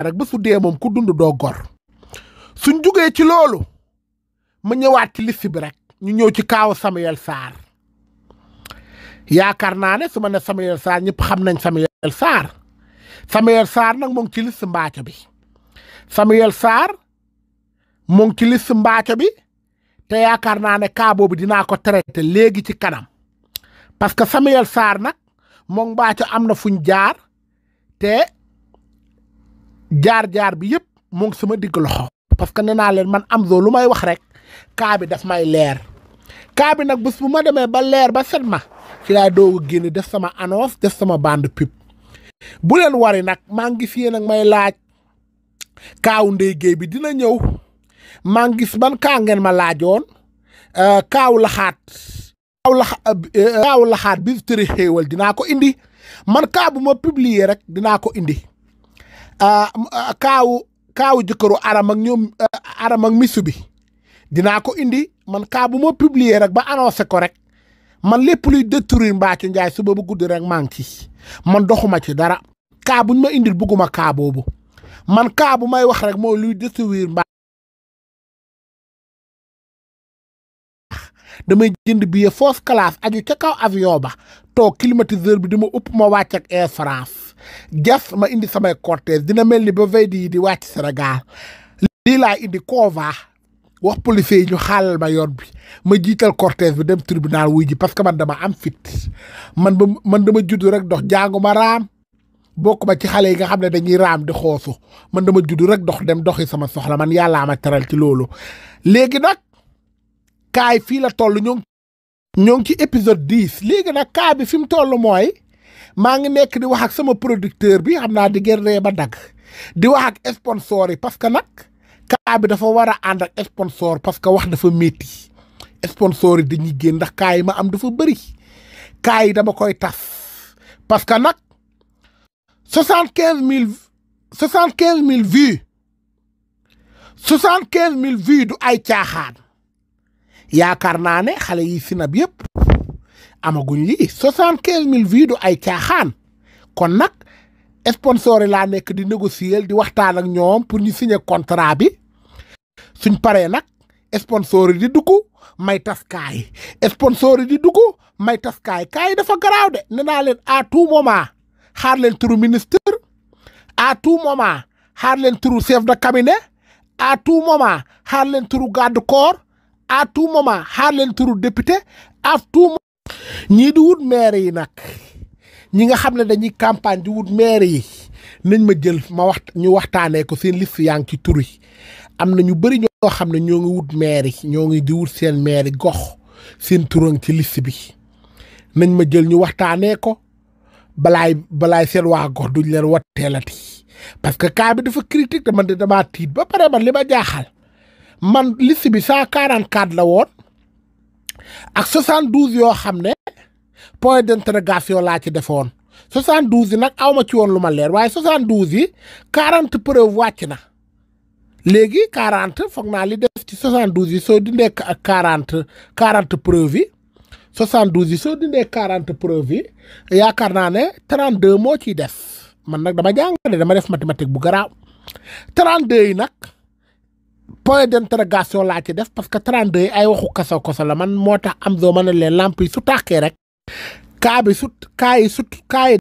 rek ba su dee moom ku dund doo gor suñ jugee ci loolu ma ñëwaat ci liste bi rek ñu ñëw ci kaaw Samuel Sarr yaakaar naa ne su ma ne Samuel Sarr ñëpp xam nañ Samuel Sarr Samuel Sarr nag mu ci liste mbaaco bi Samuel Sarr mu ngi ci liste bi te yaakaar naa ne kaa boobu dinaa ko traité léegi ci kanam parce que Samuel Sarr nag moom mbaaco am na fuñ jaar te jaar-jaar bi yëpp mu ngi sama digg loxo parce que nee naa leen man am Amzo lu may wax rek kaa bi daf may leer kaa bi nag bés bu ma demee ba leer ba set ma ci laay doog a génn def sama annonce def sama band pub bu leen wari nag maa ngi gis nag may laaj kaawu Ndeye géey bi dina ñëw maa ngi gis ban kaa ngeen ma laajoon kaaw euh, laxaat kaaw laxa kaaw euh, euh, laxaat bi tëri xéewal dinaa ko indi man kaa bu ma piblier rek dinaa ko indi Ah, kaawu kaawu jëkkëru aram ak ñoom eh, aram ak misu bi dinaa ko indi man kaabu bu ma publier rek ba annoncé ko rek man lépp luy détruire Mbathio Ndiaye suba bu guddi rek maa ki man doxuma ci dara kaabu buñ ma indil bugguma kaaboo bu man kaabu bu may wax rek mooy luy mba damay jënd billet first class aju ca kaw avion ba toog climatiseur bi di ma upp ma wàcc ak Air France jas ma indi samay cortège dina mel ni ba veille yi di wàcc Sénégal lii laa indi koova wax policier yi ñu xaalal ma yoon bi ma jiital cortège bi dem tribunal wuy ji parce que man dama am fit man ba man dama judd rek dox jàngu ma raam bokk ma ci xale yi nga xam ne dañuy raam di xoosu man dama judd rek dox dem doxi sama soxla man yàlla ma teral ci loolu kaay fii la toll ñoo ngi ci épisode dix léegi nag kaa bi fi mu toll mooy maa ngi nekk di wax ak sama producteur bi xam naa di gërree ba dagg di wax ak sponsor yi parce que nag kaa bi dafa war a ànd ak sponsor parce que wax dafa métti sponsor yi dañuy génn ndax kaa yi ma am dafa bëri kaa yi dama koy tas parce que nag soixante quinze mille soixante quinze mille vues soixante quinze mille vues du ay caaxaan yaakaar naa ne xale yi sinab yëpp amaguñ lii soixante quinze mille vues ay caaxaan kon nag sponsor yi laa nekk di négocier di waxtaan ak ñoom pour ñu signer contrat bi suñ paree nag sponsor yi di dugg may tas kaay sponsor yi di dugg may tas kaay kaay dafa garaaw de nee naa leen à tout moment xaar leen turu ministre à tout moment xaar leen turu chef de cabinet à tout moment xaar leen turu garde corps à tout moment xaar leen turu député à tout ñii di wut maire yi nag ñi nga xam ne dañuy campagne di wut maire yi nañ ma jël ma wax ñu waxtaanee ko seen liste yaa ngi ci tur yi am na ñu bëri xam ne ñoo wut maire yi ñoo ngi di seen maire gox seen turan ci liste bi nañ ma jël ñu waxtaanee ko balaay balaay seen waa gox duñ leen watteelati parce que cas bi dafa critique te de damaa tiit ba pare man li ma jaaxal man liste bi cent quarante la woon ak soixante douze yoo xam ne point d'interrogation laa ci defoon soixante douze yi nag awma ci woon lu ma leer waaye soixante douze yi quarante preuve wàcc na léegi quarante foog naa li def ci soixante douze yi soo dindee ak quarante quarante preuve yi soixante douze yi soo dindee quarante preuve yi yaakaar naa ne trente deux moo ciy def man nag dama ma jàngale dama def mathématique bu garaaw trente deux yi nag point d'interrogation laa ci def parce que 32 yi ay waxu kaso koso la man moo tax am doo mën a leen lamp yi su tàkkee rek kaa bi su kaa yi